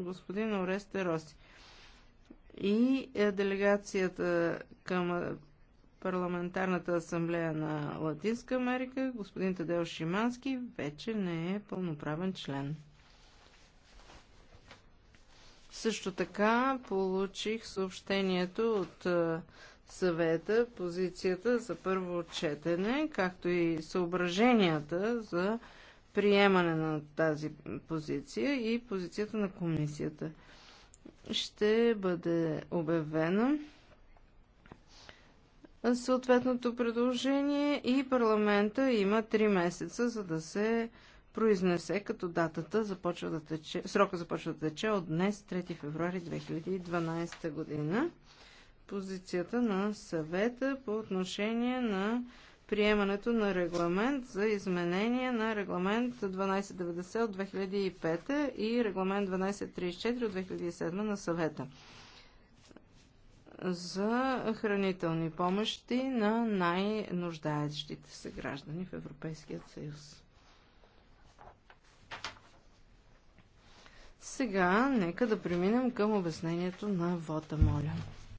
господин Оресте Роси. И е, делегацията към е, Парламентарната асамблея на Латинска Америка, господин Тадел Шимански, вече не е пълноправен член. Също така получих съобщението от е, съвета, позицията за първо четене, както и съображенията за приемане на тази позиция и позицията на комисията ще бъде обявена съответното предложение и парламента има 3 месеца, за да се произнесе, като датата започва да тече, срока започва да тече от днес, 3 февруари 2012 година. Позицията на съвета по отношение на приемането на регламент за изменение на регламент 1290 от 2005 и регламент 1234 от 2007 на съвета за хранителни помощи на най-нуждаещите се граждани в Европейския съюз. Сега нека да преминем към обяснението на вота, моля.